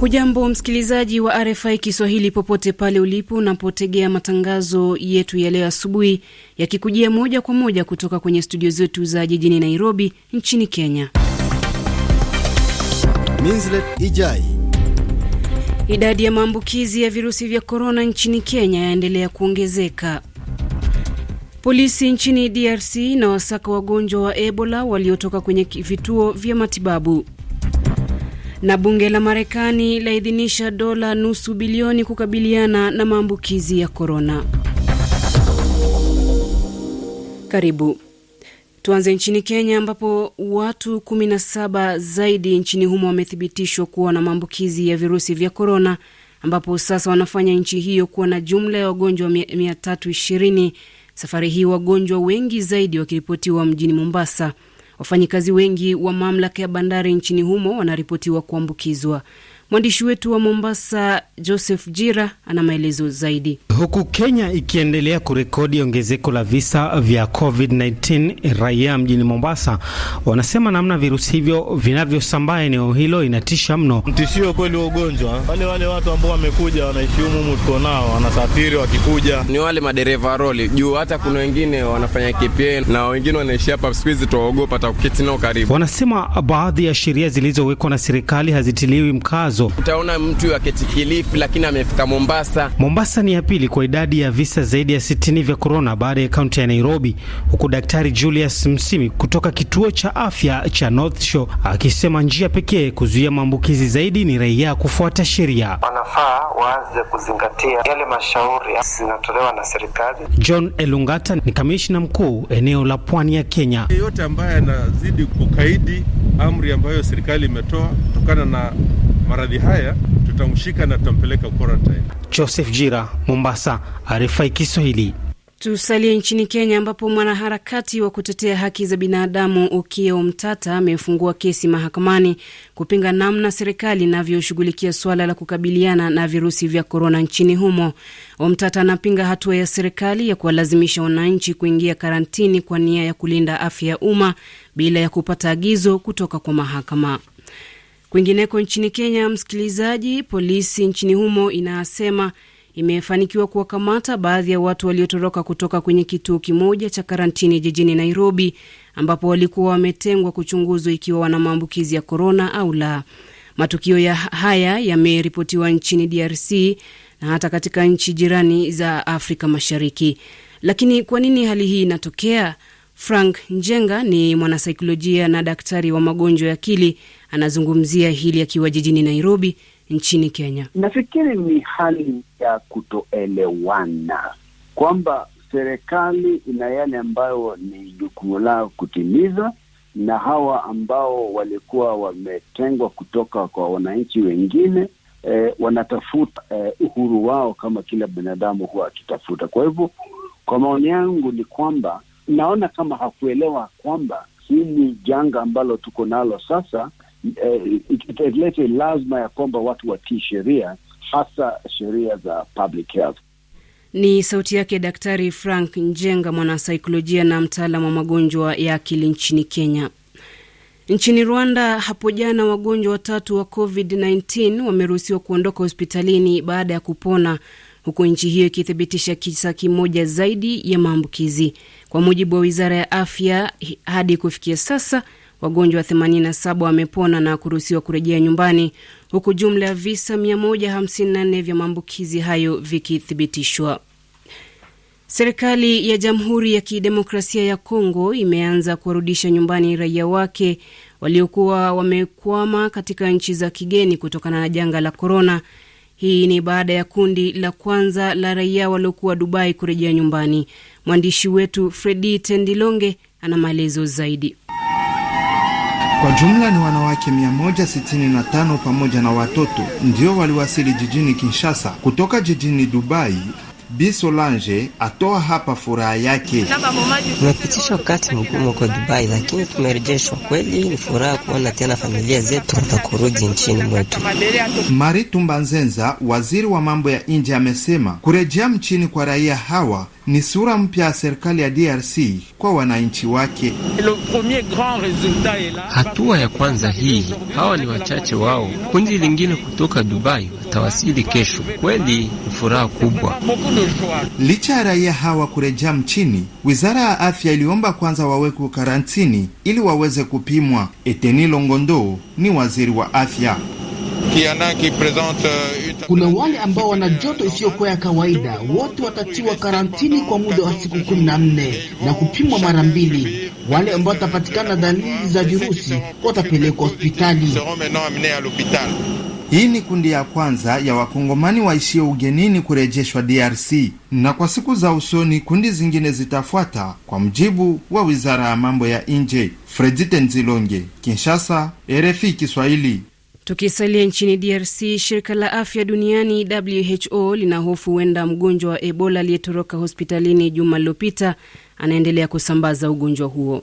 Hujambo msikilizaji wa RFI Kiswahili popote pale ulipo unapotegea matangazo yetu ya leo asubuhi, yakikujia moja kwa moja kutoka kwenye studio zetu za jijini Nairobi nchini Kenya. Ijai. Idadi ya maambukizi ya virusi vya korona nchini Kenya yaendelea kuongezeka. Polisi nchini DRC na wasaka wagonjwa wa Ebola waliotoka kwenye vituo vya matibabu. Na bunge la Marekani laidhinisha dola nusu bilioni kukabiliana na maambukizi ya korona. Karibu. Tuanze nchini Kenya ambapo watu 17 zaidi nchini humo wamethibitishwa kuwa na maambukizi ya virusi vya korona, ambapo sasa wanafanya nchi hiyo kuwa na jumla ya wagonjwa 320, safari hii wagonjwa wengi zaidi wakiripotiwa mjini Mombasa. Wafanyikazi wengi wa mamlaka ya bandari nchini humo wanaripotiwa kuambukizwa. Mwandishi wetu wa Mombasa, Joseph Jira, ana maelezo zaidi. Huku Kenya ikiendelea kurekodi ongezeko la visa vya COVID-19, raia mjini Mombasa wanasema namna virusi hivyo vinavyosambaa eneo hilo inatisha mno. Mtishio kweli wa ugonjwa, eh? wale wale watu ambao wamekuja wanaishi humu nao, wanasafiri wakikuja, ni wale madereva roli juu. Hata kuna wengine wanafanya kp na wengine wanaishi hapa, siku hizi tuwaogopa hata kuketi nao karibu. Wanasema baadhi ya sheria zilizowekwa na serikali hazitiliwi mkazo hizo. Utaona mtu aketi Kilifi, lakini amefika Mombasa. Mombasa ni ya pili kwa idadi ya visa zaidi ya 60 vya korona baada ya kaunti ya Nairobi, huku Daktari Julius Msimi kutoka kituo cha afya cha North Shore akisema njia pekee kuzuia maambukizi zaidi ni raia kufuata sheria. Wanafaa waanze kuzingatia yale mashauri zinatolewa na serikali. John Elungata ni kamishna mkuu eneo la pwani ya Kenya. Yeyote ambaye anazidi kukaidi amri ambayo serikali imetoa kutokana na maradhi haya, tutamshika na tutampeleka quarantine. Joseph Jira, Mombasa, RFI Kiswahili. Tusalie nchini Kenya ambapo mwanaharakati wa kutetea haki za binadamu Okiya Mtata amefungua kesi mahakamani kupinga namna serikali inavyoshughulikia suala la kukabiliana na virusi vya korona nchini humo. Omtata anapinga hatua ya serikali ya kuwalazimisha wananchi kuingia karantini kwa nia ya kulinda afya ya umma bila ya kupata agizo kutoka kwa mahakama. Kwingineko nchini Kenya, msikilizaji, polisi nchini humo inasema imefanikiwa kuwakamata baadhi ya watu waliotoroka kutoka kwenye kituo kimoja cha karantini jijini Nairobi, ambapo walikuwa wametengwa kuchunguzwa ikiwa wana maambukizi ya korona au la. Matukio ya haya yameripotiwa nchini DRC na hata katika nchi jirani za Afrika Mashariki. Lakini kwa nini hali hii inatokea? Frank Njenga ni mwanasaikolojia na daktari wa magonjwa ya akili, anazungumzia hili akiwa jijini Nairobi nchini Kenya. Nafikiri ni hali ya kutoelewana kwamba serikali ina yale ambayo ni jukumu lao kutimiza na hawa ambao walikuwa wametengwa kutoka kwa wananchi wengine eh, wanatafuta eh, uhuru wao kama kila binadamu huwa akitafuta. Kwa hivyo, kwa maoni yangu ni kwamba naona kama hakuelewa kwamba hili janga ambalo tuko nalo sasa eh, lazima ya kwamba watu watii sheria, hasa sheria za public health. Ni sauti yake Daktari Frank Njenga, mwanasaikolojia na mtaalam wa magonjwa ya akili nchini Kenya. Nchini Rwanda hapo jana, wagonjwa watatu wa COVID-19 wameruhusiwa kuondoka hospitalini baada ya kupona huku nchi hiyo ikithibitisha kisa kimoja zaidi ya maambukizi. Kwa mujibu wa wizara ya afya, hadi kufikia sasa wagonjwa 87 wamepona na kuruhusiwa kurejea nyumbani, huku jumla ya visa 154 vya maambukizi hayo vikithibitishwa. Serikali ya Jamhuri ya Kidemokrasia ya Kongo imeanza kuwarudisha nyumbani raia wake waliokuwa wamekwama katika nchi za kigeni kutokana na janga la korona, hii ni baada ya kundi la kwanza la raia waliokuwa Dubai kurejea nyumbani. Mwandishi wetu Fredi Tendilonge ana maelezo zaidi. Kwa jumla ni wanawake 165 pamoja na watoto ndio waliwasili jijini Kinshasa kutoka jijini Dubai bisolange atoa hapa furaha yake. Tumepitisha wakati mgumu kwa Dubai, lakini tumerejeshwa. Kweli ni furaha kuona tena familia zetu na kurudi nchini mwetu. Mari Tumbanzenza, waziri wa mambo ya nje, amesema kurejea mchini kwa raia hawa ni sura mpya ya serikali ya DRC kwa wananchi wake. Hatua ya kwanza hii, hawa ni wachache wao, kundi lingine kutoka Dubai watawasili kesho. Kweli ni furaha kubwa. Licha ya raia hawa kurejea mchini, wizara ya afya iliomba kwanza wawekwe karantini ili waweze kupimwa. Eteni Longondo ni waziri wa afya. Uh, Kuna wale ambao wana joto isiyokuwa ya kawaida, wote watatiwa karantini kwa muda wa siku kumi na nne na kupimwa mara mbili. Wale ambao watapatikana dalili za virusi watapelekwa hospitali. Hii ni kundi ya kwanza ya wakongomani waishie ugenini kurejeshwa DRC na kwa siku za usoni kundi zingine zitafuata, kwa mjibu wa wizara ya mambo ya nje. Fredi Tenzilonge, Kinshasa, RFI Kiswahili. Tukisalia nchini DRC, shirika la afya duniani WHO linahofu huenda mgonjwa wa Ebola aliyetoroka hospitalini juma lililopita anaendelea kusambaza ugonjwa huo.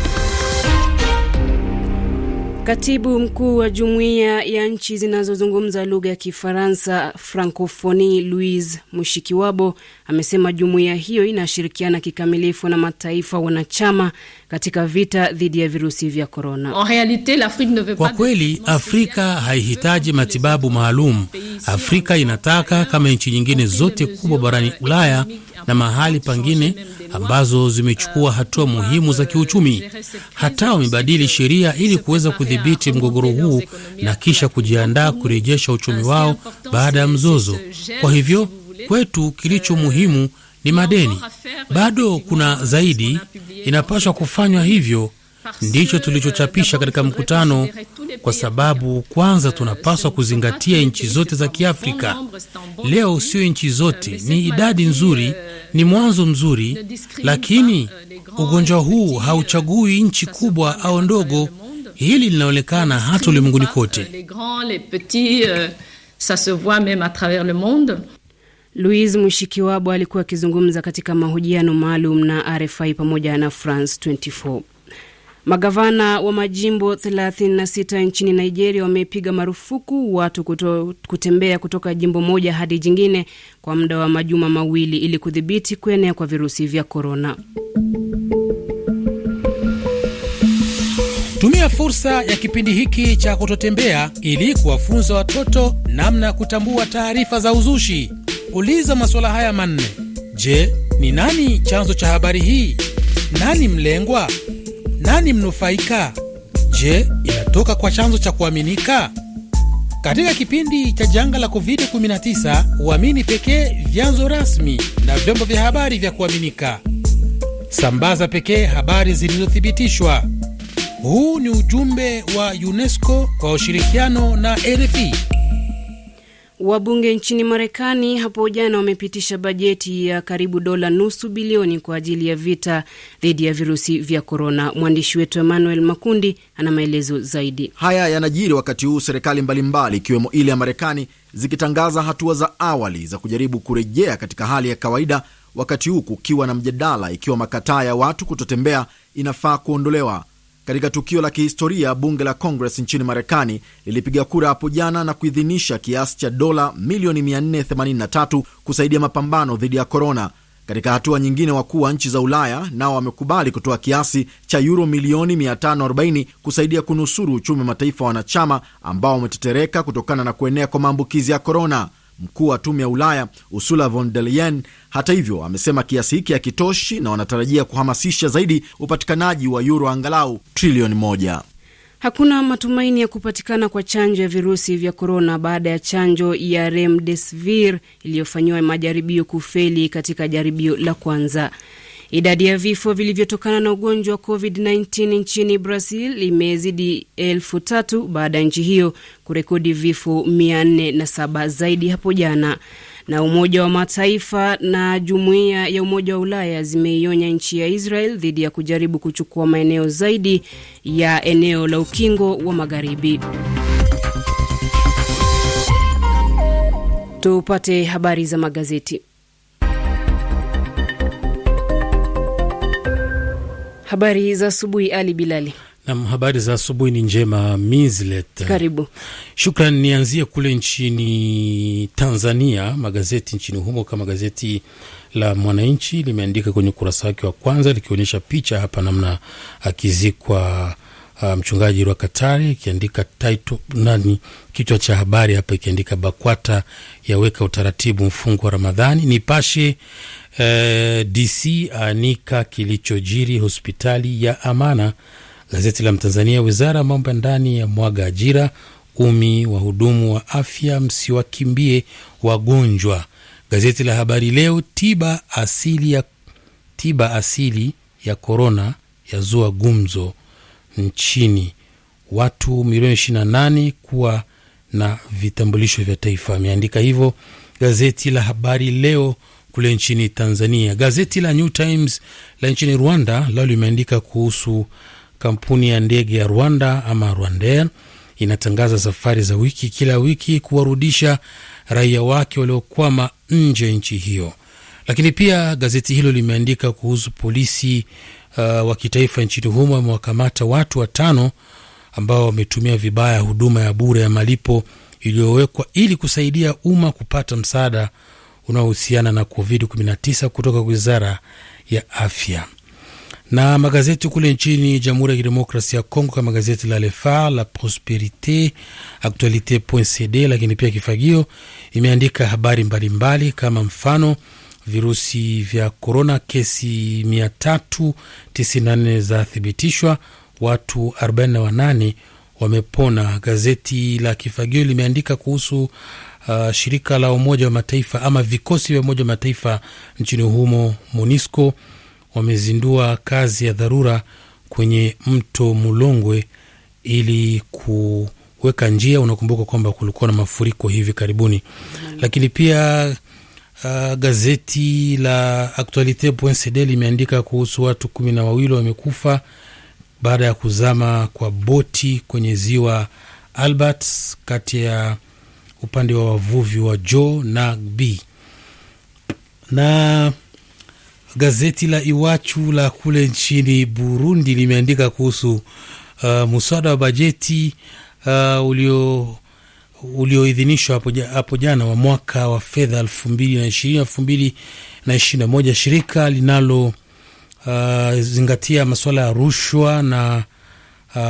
Katibu mkuu wa jumuiya ya nchi zinazozungumza lugha ya Kifaransa, Francofoni, Louise Mushikiwabo amesema jumuiya hiyo inashirikiana kikamilifu na mataifa wanachama katika vita dhidi ya virusi vya korona. Kwa kweli, Afrika haihitaji matibabu maalum. Afrika inataka kama nchi nyingine zote kubwa barani Ulaya na mahali pangine ambazo zimechukua hatua muhimu za kiuchumi. Hata wamebadili sheria ili kuweza kudhibiti mgogoro huu na kisha kujiandaa kurejesha uchumi wao baada ya mzozo. Kwa hivyo kwetu kilicho muhimu ni madeni. Bado kuna zaidi inapaswa kufanywa hivyo ndicho tulichochapisha katika mkutano, kwa sababu kwanza tunapaswa kuzingatia nchi zote za Kiafrika. Leo sio nchi zote, ni idadi nzuri, ni mwanzo mzuri, lakini ugonjwa huu hauchagui nchi kubwa au ndogo. Hili linaonekana hata ulimwenguni kote. Euh, Louise Mushikiwabo alikuwa akizungumza katika mahojiano maalum na RFI pamoja na France 24. Magavana wa majimbo 36 nchini Nigeria wamepiga marufuku watu kuto, kutembea kutoka jimbo moja hadi jingine kwa muda wa majuma mawili ili kudhibiti kuenea kwa virusi vya korona. Tumia fursa ya kipindi hiki cha kutotembea ili kuwafunza watoto namna ya kutambua taarifa za uzushi. Uliza masuala haya manne. Je, ni nani chanzo cha habari hii? Nani mlengwa? Nani mnufaika? Je, inatoka kwa chanzo cha kuaminika? Katika kipindi cha janga la COVID-19, uamini pekee vyanzo rasmi na vyombo vya habari vya kuaminika. Sambaza pekee habari zilizothibitishwa. Huu ni ujumbe wa UNESCO kwa ushirikiano na RFI. Wabunge nchini Marekani hapo jana wamepitisha bajeti ya karibu dola nusu bilioni kwa ajili ya vita dhidi ya virusi vya korona. Mwandishi wetu Emmanuel Makundi ana maelezo zaidi. Haya yanajiri wakati huu serikali mbalimbali ikiwemo mbali, ile ya Marekani zikitangaza hatua za awali za kujaribu kurejea katika hali ya kawaida, wakati huu kukiwa na mjadala ikiwa makataa ya watu kutotembea inafaa kuondolewa. Katika tukio la kihistoria, bunge la Congress nchini Marekani lilipiga kura hapo jana na kuidhinisha kiasi cha dola milioni 483 kusaidia mapambano dhidi ya korona. Katika hatua nyingine, wakuu wa nchi za Ulaya nao wamekubali kutoa kiasi cha yuro milioni 540 kusaidia kunusuru uchumi wa mataifa wanachama ambao wametetereka kutokana na kuenea kwa maambukizi ya korona. Mkuu wa tume ya Ulaya Ursula von der Leyen hata hivyo amesema kiasi hiki hakitoshi na wanatarajia kuhamasisha zaidi upatikanaji wa yuro angalau trilioni moja. Hakuna matumaini ya kupatikana kwa chanjo ya virusi vya korona baada ya chanjo ya remdesivir iliyofanyiwa majaribio kufeli katika jaribio la kwanza. Idadi ya vifo vilivyotokana na ugonjwa wa COVID-19 nchini Brazil imezidi elfu tatu baada ya nchi hiyo kurekodi vifo 407 zaidi hapo jana. Na Umoja wa Mataifa na Jumuiya ya Umoja wa Ulaya zimeionya nchi ya Israel dhidi ya kujaribu kuchukua maeneo zaidi ya eneo la ukingo wa Magharibi. Tupate habari za magazeti. Habari za asubuhi, Ali Bilali. Nam, habari za asubuhi ni njema Mislet. Karibu. Shukran. Nianzie kule nchini Tanzania. Magazeti nchini humo kama gazeti la Mwananchi limeandika kwenye ukurasa wake wa kwanza likionyesha picha hapa namna akizikwa uh, mchungaji wa Katari ikiandika title nani, kichwa cha habari hapa ikiandika BAKWATA yaweka utaratibu mfungo wa Ramadhani. Nipashe Eh, DC aanika kilichojiri hospitali ya Amana. Gazeti la Mtanzania, wizara ya mambo ya ndani ya mwaga ajira umi, wahudumu wa afya msiwakimbie wagonjwa. Gazeti la Habari Leo, tiba asili ya tiba asili ya korona zua gumzo nchini, watu milioni nane kuwa na vitambulisho vya taifa. Ameandika hivyo gazeti la Habari Leo kule nchini Tanzania. Gazeti la New Times la nchini Rwanda lao limeandika kuhusu kampuni ya ndege ya Rwanda ama Rwandair inatangaza safari za wiki kila wiki kuwarudisha raia wake waliokwama nje ya nchi hiyo. Lakini pia gazeti hilo limeandika kuhusu polisi uh, wa kitaifa nchini humo wamewakamata watu watano ambao wametumia vibaya huduma ya bure ya malipo iliyowekwa ili kusaidia umma kupata msaada unaohusiana na COVID-19 kutoka wizara ya afya. Na magazeti kule nchini Jamhuri ya Kidemokrasia ya Kongo, kama gazeti la Lefa, la Prosperite, CD, lakini pia Kifagio imeandika habari mbalimbali mbali, kama mfano virusi vya korona, kesi 394 za thibitishwa watu 48 wamepona. Gazeti la Kifagio limeandika kuhusu uh, shirika la Umoja wa Mataifa ama vikosi vya Umoja wa Mataifa nchini humo monisco wamezindua kazi ya dharura kwenye mto Mulongwe ili kuweka njia. Unakumbuka kwamba kulikuwa na mafuriko hivi karibuni mm. Lakini pia uh, gazeti la Actualite.cd limeandika kuhusu watu kumi na wawili wamekufa baada ya kuzama kwa boti kwenye ziwa Albert kati ya upande wa wavuvi wa Jo na B. Na gazeti la Iwachu la kule nchini Burundi limeandika kuhusu uh, muswada wa bajeti uh, ulio ulioidhinishwa hapo jana wa mwaka wa fedha elfu mbili na ishirini elfu mbili na ishirini na moja shirika linalo uh, zingatia masuala ya rushwa na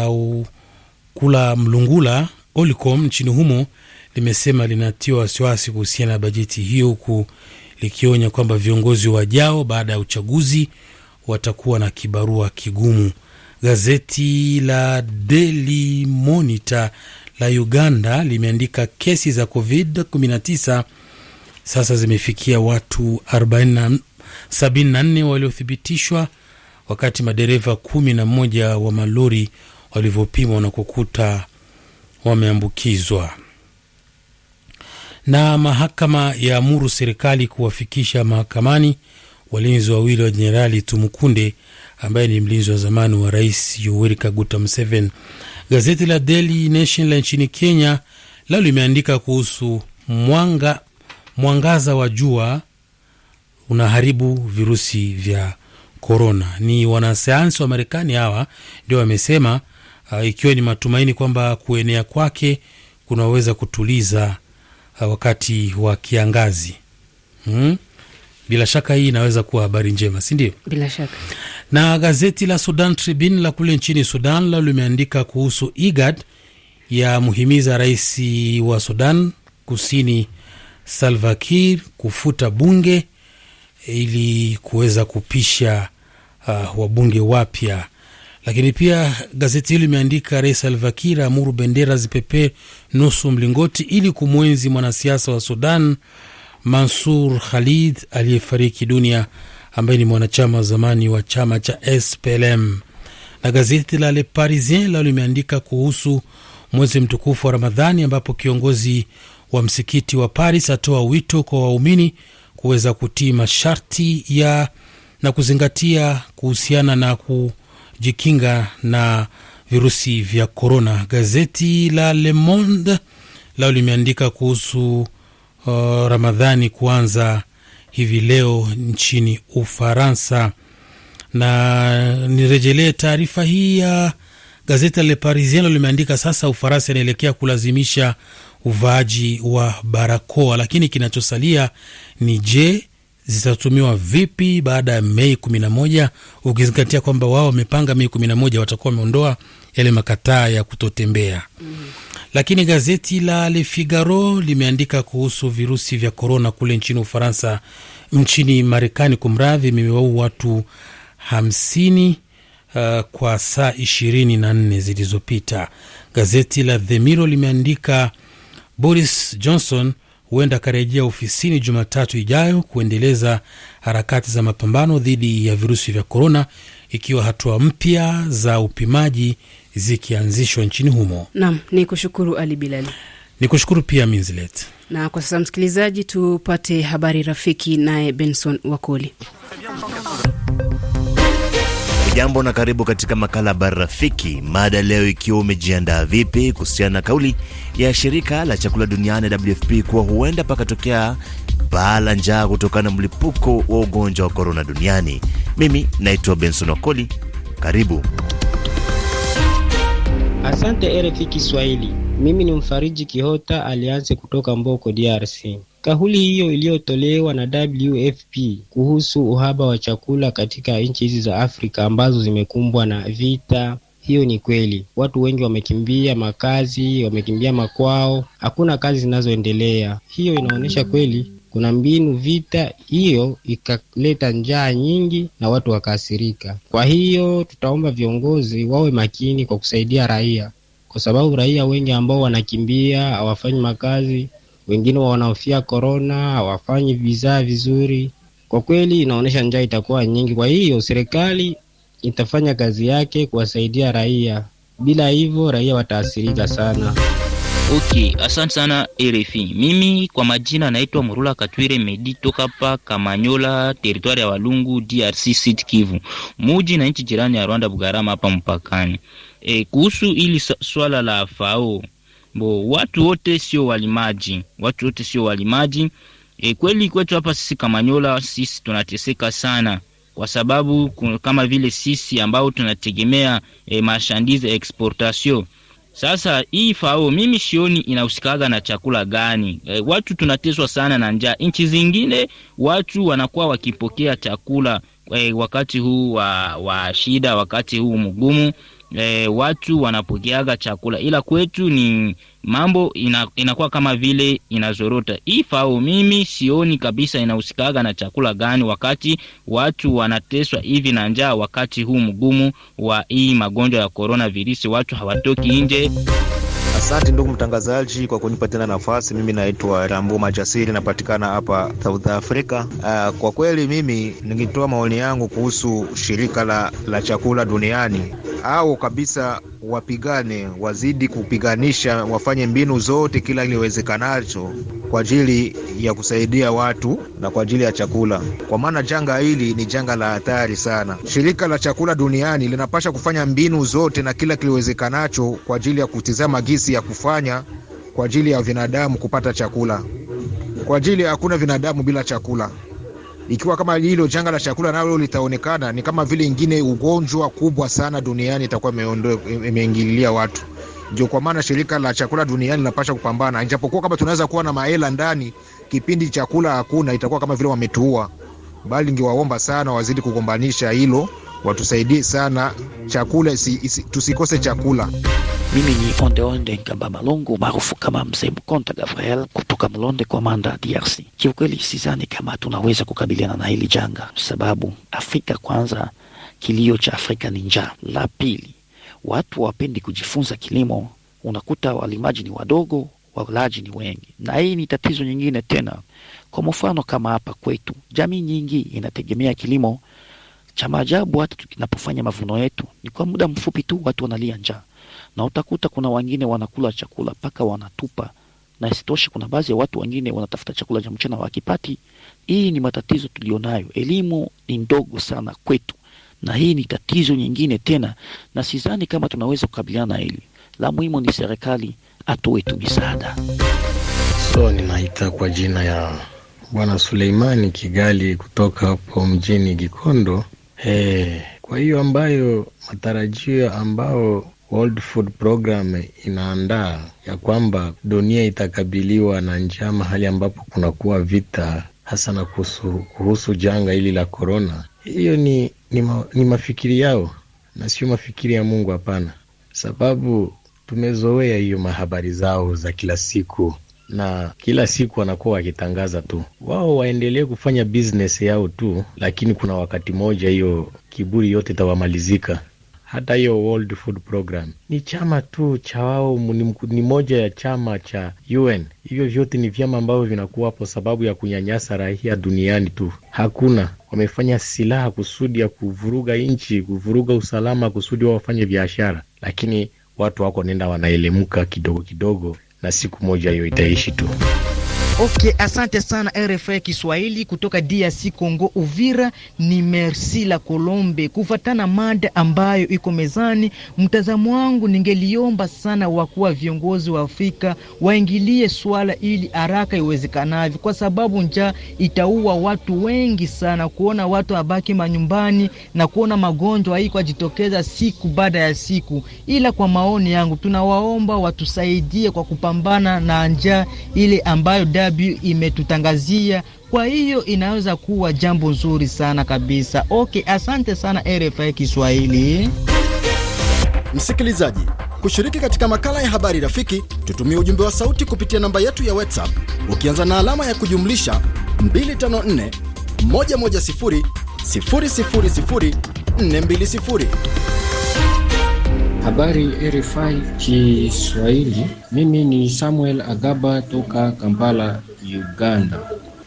uh, kula mlungula Olicom nchini humo limesema linatia wasiwasi kuhusiana na bajeti hiyo, huku likionya kwamba viongozi wajao baada ya uchaguzi watakuwa na kibarua kigumu. Gazeti la Daily Monitor la Uganda limeandika kesi za COVID-19 sasa zimefikia watu 74 waliothibitishwa, wakati madereva 11 wa malori walivyopimwa na kukuta wameambukizwa. Na mahakama ya amuru serikali kuwafikisha mahakamani walinzi wawili wa Jenerali Tumukunde ambaye ni mlinzi wa zamani wa Rais Yoweri Kaguta Museveni. Gazeti la Daily Nation la nchini Kenya lao limeandika kuhusu mwanga, mwangaza wa jua unaharibu virusi vya korona. Ni wanasayansi wa Marekani hawa ndio wamesema, uh, ikiwa ni matumaini kwamba kuenea kwake kunaweza kutuliza Uh, wakati wa kiangazi hmm? Bila shaka hii inaweza kuwa habari njema, si ndio? Bila shaka. Na gazeti la Sudan Tribune la kule nchini Sudan lao limeandika kuhusu IGAD ya mhimiza rais wa Sudan Kusini Salva Kiir kufuta bunge eh, ili kuweza kupisha uh, wabunge wapya lakini pia gazeti hilo limeandika Rais Salva Kiir amuru bendera zipepee nusu mlingoti ili kumwenzi mwanasiasa wa Sudan Mansur Khalid aliyefariki dunia ambaye ni mwanachama wa zamani wa chama cha SPLM. Na gazeti la Le Parisien lao limeandika kuhusu mwezi mtukufu wa Ramadhani ambapo kiongozi wa msikiti wa Paris atoa wito kwa waumini kuweza kutii masharti ya na kuzingatia kuhusiana na ku kujikinga na virusi vya korona. Gazeti la Le Monde lao limeandika kuhusu uh, Ramadhani kuanza hivi leo nchini Ufaransa, na nirejelee taarifa hii ya gazeti la Le Parisien lao limeandika sasa Ufaransa inaelekea kulazimisha uvaaji wa barakoa, lakini kinachosalia ni je, zitatumiwa vipi baada ya Mei kumi na moja, ukizingatia kwamba wao wamepanga Mei kumi na moja watakuwa wameondoa yale makataa ya kutotembea mhm. Lakini gazeti la Le Figaro limeandika kuhusu virusi vya korona kule nchini Ufaransa, nchini Marekani kumradhi, vimewau watu hamsini uh, kwa saa ishirini na nne zilizopita. Gazeti la The limeandika Boris Johnson huenda akarejea ofisini Jumatatu ijayo kuendeleza harakati za mapambano dhidi ya virusi vya korona, ikiwa hatua mpya za upimaji zikianzishwa nchini humo. Naam, ni kushukuru Ali Bilali, ni kushukuru pia Minzlet. Na kwa sasa msikilizaji, tupate habari rafiki naye Benson Wakoli. Jambo na karibu katika makala Bara Rafiki, mada leo ikiwa umejiandaa vipi kuhusiana na kauli ya shirika la chakula duniani WFP kuwa huenda pakatokea baa la njaa kutokana na mlipuko wa ugonjwa wa korona duniani. Mimi naitwa Benson Okoli, karibu. Asante RFI Kiswahili, mimi ni mfariji Kihota alianze kutoka Mboko, DRC. Kauli hiyo iliyotolewa na WFP kuhusu uhaba wa chakula katika nchi hizi za Afrika ambazo zimekumbwa na vita hiyo ni kweli, watu wengi wamekimbia makazi, wamekimbia makwao, hakuna kazi zinazoendelea. Hiyo inaonyesha kweli kuna mbinu vita hiyo ikaleta njaa nyingi na watu wakaathirika. Kwa hiyo tutaomba viongozi wawe makini kwa kusaidia raia, kwa sababu raia wengi ambao wanakimbia hawafanyi makazi wengine wanaofia korona, hawafanyi vizaa vizuri. Kwa kweli inaonyesha njaa itakuwa nyingi. Kwa hiyo serikali itafanya kazi yake kuwasaidia raia, bila hivyo raia wataathirika sana. Okay, asante sana RFI. Mimi kwa majina naitwa Murula Katwire Medi toka pa Kamanyola, teritwari ya Walungu, DRC, Sud Kivu, muji na nchi jirani ya Rwanda, Bugarama hapa mpakani. E, kuhusu ili swala la FAO Bo, watu wote sio walimaji, watu wote sio walimaji. E, kweli kwetu hapa sisi Kamanyola sisi tunateseka sana kwa sababu kama vile sisi ambao tunategemea e, mashandize exportation. Sasa hii FAO mimi sioni inahusikaga na chakula gani? E, watu tunateswa sana na njaa. Nchi zingine watu wanakuwa wakipokea chakula e, wakati huu wa, wa shida, wakati huu mgumu e, watu wanapokeaga chakula, ila kwetu ni mambo ina, inakuwa kama vile inazorota. Ifao mimi sioni kabisa inahusikaga na chakula gani, wakati watu wanateswa hivi na njaa wakati huu mgumu wa hii magonjwa ya korona watu hawatoki nje. Asante ndugu mtangazaji kwa kunipa tena nafasi. Mimi naitwa Rambo Majasiri, napatikana hapa South Africa. Uh, kwa kweli mimi ningetoa maoni yangu kuhusu shirika la, la chakula duniani au kabisa wapigane, wazidi kupiganisha, wafanye mbinu zote kila iliwezekanacho kwa ajili ya kusaidia watu na kwa ajili ya chakula, kwa maana janga hili ni janga la hatari sana. Shirika la chakula duniani linapasha kufanya mbinu zote na kila kiliwezekanacho kwa ajili ya kutizama gisi jinsi ya kufanya kwa ajili ya binadamu kupata chakula, kwa ajili hakuna binadamu bila chakula. Ikiwa kama hilo janga la chakula nalo litaonekana, ni kama vile ingine ugonjwa kubwa sana duniani itakuwa imeingililia watu. Ndio kwa maana shirika la chakula duniani linapasha kupambana, ijapokuwa kama tunaweza kuwa na maela ndani, kipindi chakula hakuna, itakuwa kama vile wametuua. Bali ningewaomba sana wazidi kugombanisha hilo, watusaidie sana chakula, isi, isi, tusikose chakula. Mimi ni Ondeonde Nkamba Malungu maarufu kama Mzee Mkonta Gabriel kutoka Mlonde kwa Manda, DRC. Kiukweli sizani kama tunaweza kukabiliana na hili janga, sababu Afrika kwanza, kilio cha Afrika ni njaa. La pili, watu wapendi kujifunza kilimo, unakuta walimaji ni wadogo, walaji ni wengi, na hii ni tatizo nyingine tena. Kwa mfano kama hapa kwetu, jamii nyingi inategemea kilimo. Cha maajabu, hata tunapofanya mavuno yetu, ni kwa muda mfupi tu watu wanalia njaa na utakuta kuna wengine wanakula chakula mpaka wanatupa, na isitoshe kuna baadhi ya watu wengine wanatafuta chakula cha mchana wakipati. Hii ni matatizo tulionayo, elimu ni ndogo sana kwetu, na hii ni tatizo nyingine tena, na sidhani kama tunaweza kukabiliana na hili. La muhimu ni serikali atoe tu misaada. So ninaita kwa jina ya Bwana Suleimani Kigali kutoka hapo mjini Gikondo. Hey, eh, kwa hiyo ambayo matarajio ambao World Food Program inaandaa ya kwamba dunia itakabiliwa na njaa mahali ambapo kunakuwa vita hasa na kuhusu, kuhusu janga hili la korona. Hiyo ni, ni, ma, ni mafikiri yao na sio mafikiri ya Mungu, hapana, sababu tumezoea hiyo mahabari zao za kila siku na kila siku wanakuwa wakitangaza tu, wao waendelee kufanya business yao tu, lakini kuna wakati moja hiyo kiburi yote itawamalizika hata hiyo World Food Program ni chama tu cha wao, ni moja ya chama cha UN. Hivyo vyote ni vyama ambavyo vinakuwa sababu ya kunyanyasa raia duniani tu. Hakuna wamefanya silaha kusudi ya kuvuruga nchi, kuvuruga usalama, kusudi wao wafanye biashara, lakini watu wako nenda wanaelemuka kidogo kidogo, na siku moja hiyo itaishi tu. Ok, asante sana RFI Kiswahili kutoka DRC Congo Uvira. Ni Merci la Colombe. Kufatana mada ambayo iko mezani, mtazamo wangu ningeliomba sana wakuwa viongozi wa Afrika waingilie swala ili haraka iwezekanavyo, kwa sababu njaa itaua watu wengi sana, kuona watu abaki manyumbani na kuona magonjwa hii kwajitokeza siku baada ya siku. Ila kwa maoni yangu, tunawaomba watusaidie kwa kupambana na njaa ile ambayo DW imetutangazia. Kwa hiyo inaweza kuwa jambo nzuri sana kabisa. Okay, asante sana RFI Kiswahili. Msikilizaji, kushiriki katika makala ya habari rafiki, tutumie ujumbe wa sauti kupitia namba yetu ya WhatsApp ukianza na alama ya kujumlisha 254 110 000 420. Habari RFI Kiswahili. Mimi ni Samuel Agaba toka Kampala, Uganda.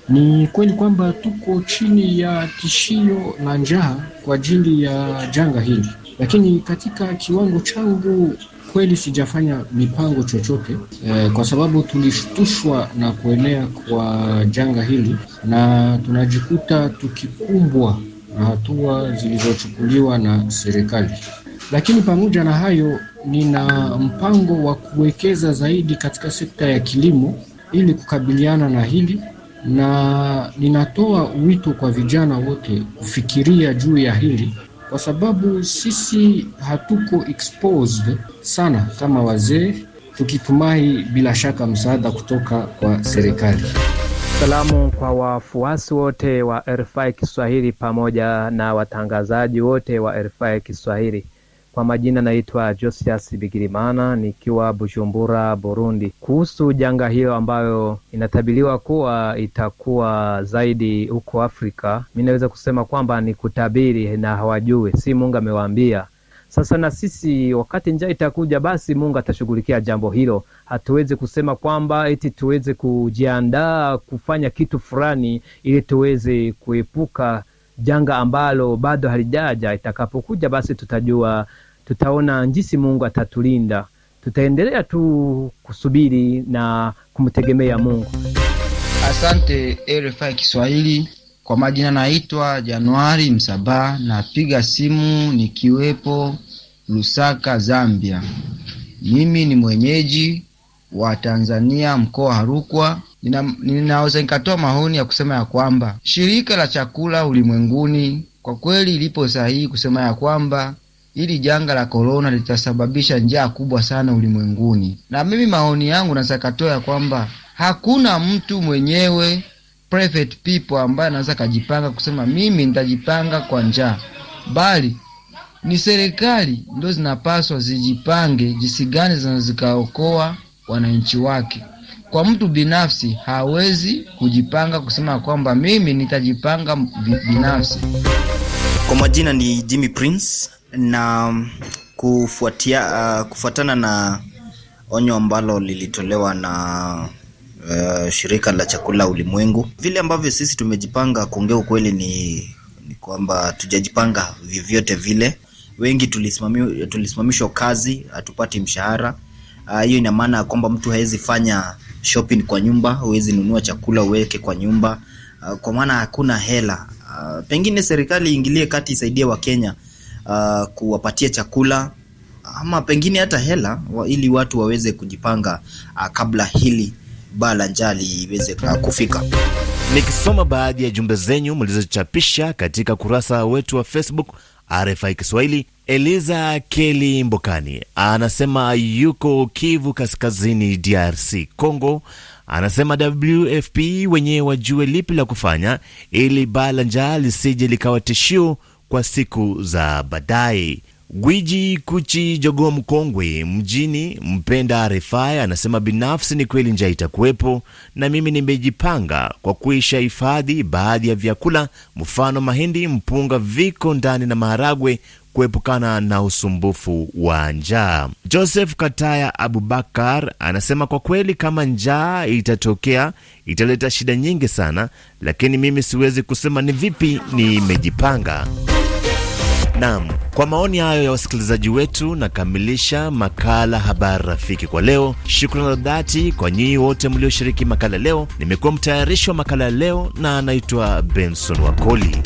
Ni kweli kwamba tuko chini ya tishio la njaa kwa ajili ya janga hili, lakini katika kiwango changu kweli sijafanya mipango chochote eh, kwa sababu tulishtushwa na kuenea kwa janga hili na tunajikuta tukikumbwa na hatua zilizochukuliwa na serikali. Lakini pamoja na hayo, nina mpango wa kuwekeza zaidi katika sekta ya kilimo ili kukabiliana na hili, na ninatoa wito kwa vijana wote kufikiria juu ya hili kwa sababu sisi hatuko exposed sana kama wazee, tukitumai bila shaka msaada kutoka kwa serikali. Salamu kwa wafuasi wote wa RFI Kiswahili pamoja na watangazaji wote wa RFI Kiswahili. Kwa majina naitwa Josias Bigirimana nikiwa Bujumbura, Burundi, kuhusu janga hiyo ambayo inatabiliwa kuwa itakuwa zaidi huko Afrika. Mi naweza kusema kwamba ni kutabiri na hawajui, si Mungu amewaambia. Sasa na sisi wakati njaa itakuja, basi Mungu atashughulikia jambo hilo. Hatuwezi kusema kwamba eti tuweze kujiandaa kufanya kitu fulani ili tuweze kuepuka janga ambalo bado halijaja. Itakapokuja basi tutajua tutaona jinsi Mungu atatulinda. Tutaendelea tu kusubiri na kumtegemea Mungu. Asante RFI Kiswahili. Kwa majina naitwa Januari Msaba, napiga simu nikiwepo Lusaka, Zambia. Mimi ni mwenyeji wa Tanzania, mkoa Rukwa. Ninaweza nikatoa maoni ya kusema ya kwamba shirika la chakula ulimwenguni kwa kweli lipo sahihi kusema ya kwamba ili janga la korona litasababisha njaa kubwa sana ulimwenguni. Na mimi maoni yangu ya kwamba hakuna mtu mwenyewe private people ambaye anaweza kajipanga kusema mimi nitajipanga kwa njaa, bali ni serikali ndo zinapaswa zijipange jinsi gani wananchi wake. Kwa mtu binafsi hawezi kujipanga kusema kwamba mimi nitajipanga binafsi. Kwa majina ni Jimmy Prince na kufuatia, uh, kufuatana na onyo ambalo lilitolewa na uh, shirika la chakula ulimwengu, vile ambavyo sisi tumejipanga, kuongea ukweli ni, ni kwamba tujajipanga vyovyote vile. Wengi tulisimamishwa, tulisimamishwa kazi, hatupati mshahara. Uh, hiyo uh, ina maana ya kwamba mtu hawezi fanya shopping kwa nyumba, huwezi nunua chakula uweke kwa nyumba uh, kwa maana hakuna hela Ah, pengine serikali iingilie kati isaidie Wakenya uh, ah, kuwapatia chakula ama pengine hata hela wa, ili watu waweze kujipanga uh, kabla hili baa la njaa liweze uh, kufika. Nikisoma baadhi ya jumbe zenyu mlizochapisha katika kurasa wetu wa Facebook RFI Kiswahili. Eliza Keli Mbokani anasema yuko Kivu Kaskazini, DRC Congo Anasema WFP wenyewe wajue lipi la kufanya ili baa la njaa lisije likawa tishio kwa siku za baadaye. Gwiji Kuchi Jogoo mkongwe mjini Mpenda Refai anasema binafsi, ni kweli njaa itakuwepo, na mimi nimejipanga kwa kuisha hifadhi baadhi ya vyakula, mfano mahindi, mpunga, viko ndani na maharagwe kuepukana na usumbufu wa njaa. Joseph Kataya Abubakar anasema kwa kweli, kama njaa itatokea italeta shida nyingi sana, lakini mimi siwezi kusema ni vipi nimejipanga. Naam, kwa maoni hayo ya wasikilizaji wetu, nakamilisha makala Habari Rafiki kwa leo. Shukrani za dhati kwa nyinyi wote mlioshiriki makala leo. Nimekuwa mtayarishi wa makala leo na anaitwa Benson Wakoli.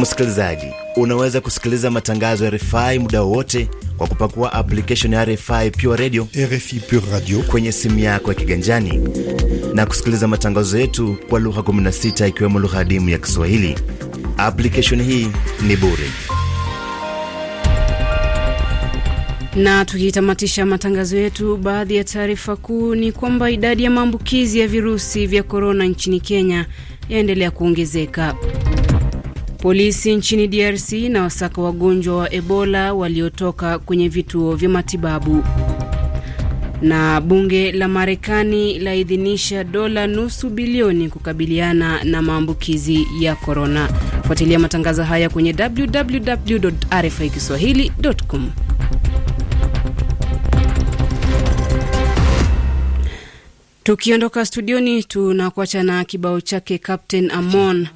Msikilizaji, unaweza kusikiliza matangazo ya RFI muda wowote kwa kupakua application ya RFI Pure Radio, RFI Pure Radio kwenye simu yako ya kiganjani na kusikiliza matangazo yetu kwa lugha 16 ikiwemo lugha adimu ya Kiswahili. Application hii ni bure. Na tukitamatisha matangazo yetu, baadhi ya taarifa kuu ni kwamba idadi ya maambukizi ya virusi vya korona nchini Kenya yaendelea kuongezeka. Polisi nchini DRC na wasaka wagonjwa wa Ebola waliotoka kwenye vituo vya matibabu. Na bunge la Marekani laidhinisha dola nusu bilioni kukabiliana na maambukizi ya korona. Fuatilia matangazo haya kwenye www RFI kiswahilicom. Tukiondoka studioni, tunakuacha na kibao chake Captain Amon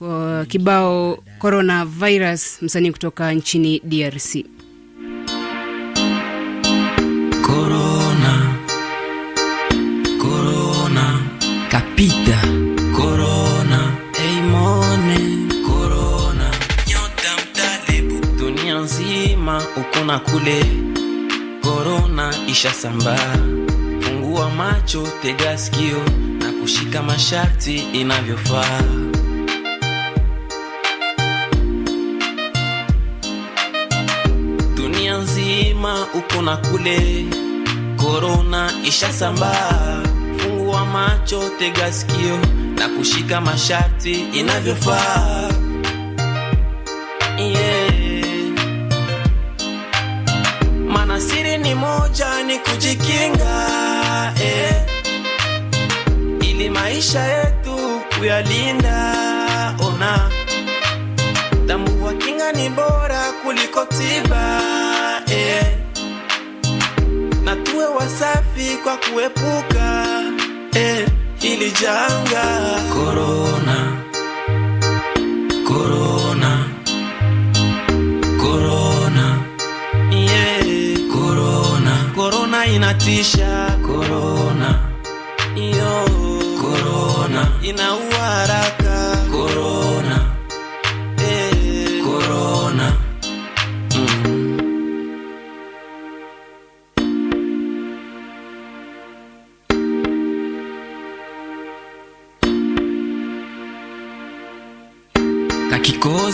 kwa uh, kibao coronavirus, msanii kutoka nchini DRC. Corona, corona, kapita corona, eimone corona, nyota mtalebu, dunia nzima uko na kule, corona ishasambaa. Fungua macho, tega sikio na kushika masharti inavyofaa. huko na kule, korona ishasambaa. Fungua macho, tega sikio na kushika masharti inavyofaa. siri ni moja, ni kujikinga eh, ili maisha yetu kuyalinda. Ona, tambua kinga ni bora kuliko tiba eh tuwe wasafi kwa kuepuka eh, ili janga korona, korona, korona, yeah. Korona, korona inatisha, korona, yo, korona inaua haraka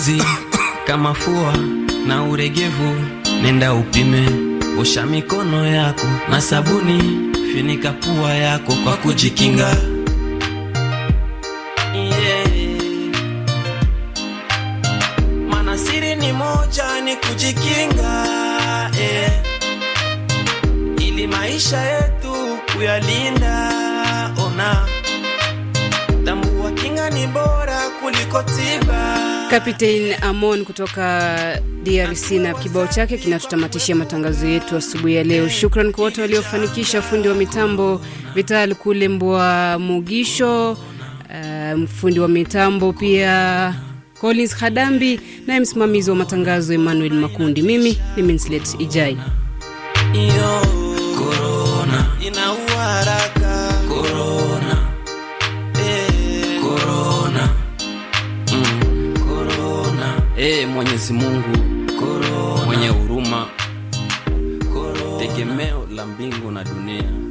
kazi kama fua na uregevu, nenda upime, osha mikono yako na sabuni, finika pua yako kwa kujikinga. kujikinga eh, Ili maisha yetu kuyalinda, ona, tambua kinga ni bora kuliko tiba. Captain Amon kutoka DRC na kibao chake kinatutamatishia matangazo yetu asubuhi ya leo. Shukran kwa wote waliofanikisha, fundi wa mitambo Vital kule Mbwa Mugisho, mfundi um, wa mitambo pia Collins Hadambi, naye msimamizi wa matangazo Emmanuel Makundi. Mimi ni Minslet Ijai. Yo, corona, Ee Mwenyezi Mungu mwenye huruma, tegemeo la mbingu na dunia